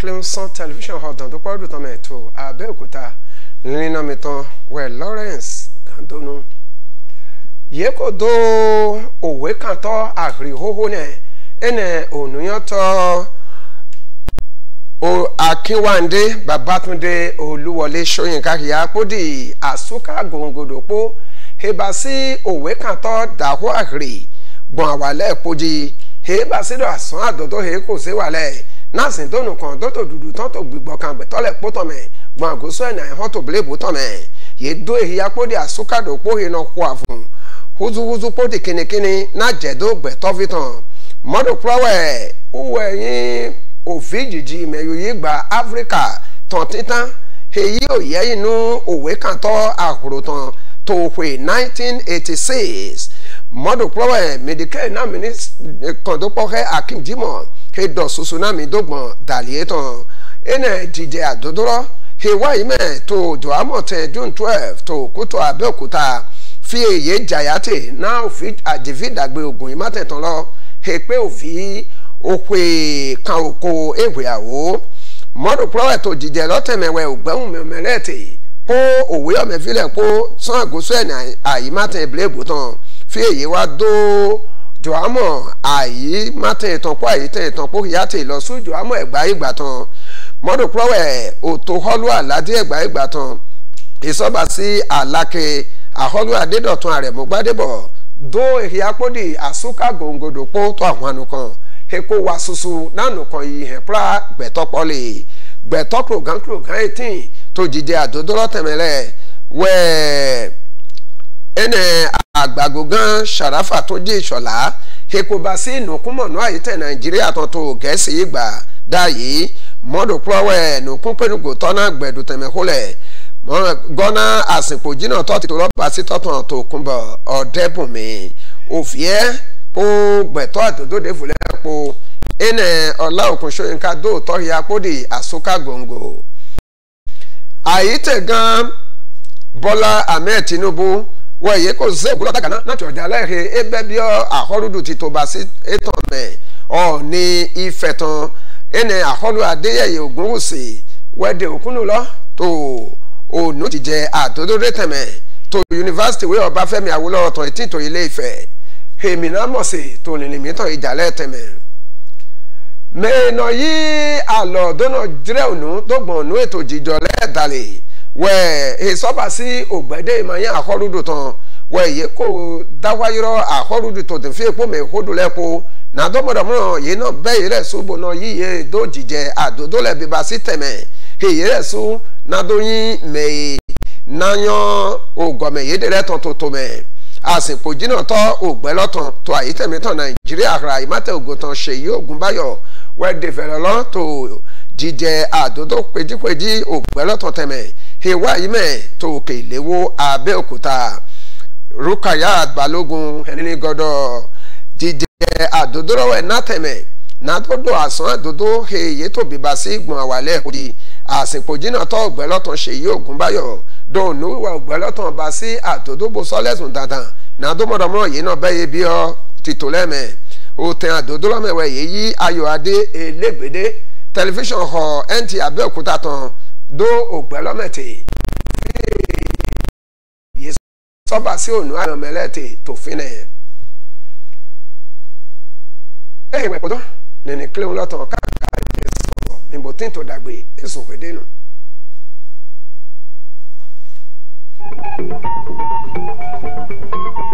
Clemson television hall tó pọ́ọ́dù tán mẹ́ẹ̀tọ́ Abẹ́òkúta nínú mi tán wẹ̀ Lawrence Gandonu yeko do owe kantɔ ahri xoxo nɛ ene onuyɔtɔ o akínwáńdé babatunde olúwọlé sọyìnká ìyápódì àsúká gòǹgòdòpó hebasi òwe kàntọ dàhó àhìrì gbọn àwàlẹ pojì hebasi dọ àsán àdọdọ heko sewalẹ nasi dọnu kan dọtọ dudu tọtọ gbígbọ kan gbẹtọlẹ pọtọmẹ gbọn àgọsọ ẹnà ẹhọn tó blébo tọmẹ yedó ìyápódì àsúká dòpó hinọ kó àfọn huzuhuzu poti kinikini na jedogbe tovitan mọdụ prawe uweyin òfìjìjì mẹyòyì gba áfíríkà tàn títàn èyí ò yẹ inú òwe kan tọ́ àkùrọ̀tàn tó pè 1986 mọ́dùpọ̀wẹ̀ mẹ̀díkẹ́ náà mi ní kọ̀dọ́pọ̀kẹ́ akíndímọ̀ ẹ̀dọ̀ ṣoṣo náà mi dọ́gbọ̀n dàlíyé tán ẹnẹ jíjẹ àdúdúrọ̀ ìwà ìmẹ̀ tó jọ̀ámọ̀ tẹ̀ june 12 tó kútó abẹ́òkúta fi èyí jàyàtè náà òfi àjìfì dàgbé ogun yìí mátẹ̀tàn lọ èpè òfi òpè kan òkò èwè àwò mọ́dù pọ́wẹ́ tó jìjẹ lọ́tẹ̀mẹ̀wẹ̀ ògbẹ́hùn mẹ́mẹ́rẹ́ tè kó òwe ọ̀mẹ́fílẹ̀ kó sàn àgùsọ ẹ̀ àyí mátẹ̀ ìbílẹ̀bù tán fi èyí wá dó jòhámọ̀ àyí mátẹ̀ ìtàn kó àyí tẹ̀ ìtàn kó yàtè lọ sún jòhámọ̀ ẹ̀gbá ìgbà tán mọ́dù pọ́wẹ́ òtò họ́lú àládé ẹ̀gbá ìgbà tán ìsọ́ba sí àlákẹ́ ahonu adédọ̀tun àrẹ̀mú gbádébọ̀ dó ìyápódì àsúkà gòǹgòdò pó tó àwọn ànùkàn èkó wa ṣoṣo nánùkàn ìhẹ̀ pra gbẹ̀tọ́pọ̀lì gbẹ̀tọ́kùrògánkùrògán eighteen tó jíjẹ àdódóró tẹ̀mẹ́lẹ̀ wẹ́ẹ̀ ẹnẹ àgbàgògán ṣàràfà tó jẹ́ ìṣọ̀lá èkó bá sí ìnùkúmọ̀nù àyítẹ̀ nàìjíríà tó tó gẹ̀ẹ́sì ìgbà mọ́dù gbọ́ná àsìkò jìnnà tọ́tì tó lọ́ba sí tọ́tàn tó kún bọ̀ ọ̀dẹ́bùnmi òfìẹ́ ó gbẹ̀tọ́ àtòdóde fúlẹ̀ po ẹnẹ ọ̀la òkun ṣóyínká dóòtọ́ ya pódì àsókà gbòǹgbò. àyítẹ̀ gan Bọ́lá Ahmed Tinubu wọ èyí kò sí èkúlọ́ dàgànà láti ọ̀dà aláìhe ẹbẹ́ bí àhọ́rùdù ti tòba sí ètò mẹ́ ọ̀ ní ìfẹ̀tàn ẹnẹ àhọ́rù Adéyẹyẹ Ògúnwùsì wẹ́dẹ̀ òkúnnù lọ tó. onójìjẹ àtòdódé tẹ̀mẹ̀ to yunifásitì ìwé ọbáfẹ́mi awólọ́wọ̀ tó etí tó ilé Ifẹ̀ èmi náà mọ̀ sí tó nìlìmí tó ìjàlẹ̀ tẹ̀mẹ̀ mẹ́ẹ̀nà yìí àlọ́ dọ́nà jírẹ́ ònú tó gbọ̀n ònú ètò ìjìjọ lẹ́ẹ̀dálẹ̀ wẹ̀ èsọ́ba sí ògbẹ́dẹ́ ìmọ̀yẹ́ àkọ́rùdù tán wẹ̀ yìí kò dáwáyọ́rọ́ àkọ́rùdù tó tẹ̀ fi èpò mẹ́ ìkódù lẹ́kọ̀ọ́ nàdọ́mọ̀dọ́mọ̀ yìí náà bẹ́ẹ̀ yìí rẹ̀ sún bọ̀nà yìí àdòdó lẹ́bi sí tẹ̀mẹ̀ èyí rẹ̀ sún na do yin mei na yan ogome yedere ton to to me àsìkò jìnnà tọ ògbẹ́ lọ́tàn tó àyítẹ̀mítàn nàìjíríà ra ìmọ̀tẹ̀ ògùn tán ṣèyí ògúnbáyọ̀ wẹ́ẹ́dẹ̀fẹ̀lọ́lọ́ tó jíjẹ àdódó péjípéjí ògbẹ́ lọ́tàn tẹ̀mẹ̀ ìwà yìí mẹ́ tó òkè ìléwó abẹ́òkúta rukayat balógun ẹni gọdọ jíjẹ àdódó lọ́wọ́ ẹ̀ nátẹ̀mẹ̀ nàdódó àsán àdódó èyí tó àsìkò jìnnà tó Ọ̀gbẹ́lọ́tàn Ṣèyí Ògúnbáyọ̀ dòun níwà Ọ̀gbẹ́lọ́tàn bá sí àtòdógbò sọ́lẹ̀sùn dandan nàdómọ̀dọ́mọ́ yìí náà bẹ́yẹ bí ọ tìtò lẹ́mẹ̀ òtẹ̀ àdòdólọ́mẹ̀wẹ̀ yìí yí Ayọ̀ Adé elégbèdé tẹlifíṣàn họ NTA Abẹ́òkúta tán dó Ọ̀gbẹ́lọ́mẹ̀tì yìí sọ́ba sí òun àyàn mẹ́lẹ́tì tòfin nẹ̀. ẹ̀yìn wẹ̀ pọ̀tọ́ nìní kílẹ̀ ńlọ́tàn ká mìbòtíntò dàgbé èso pèdénu. thank you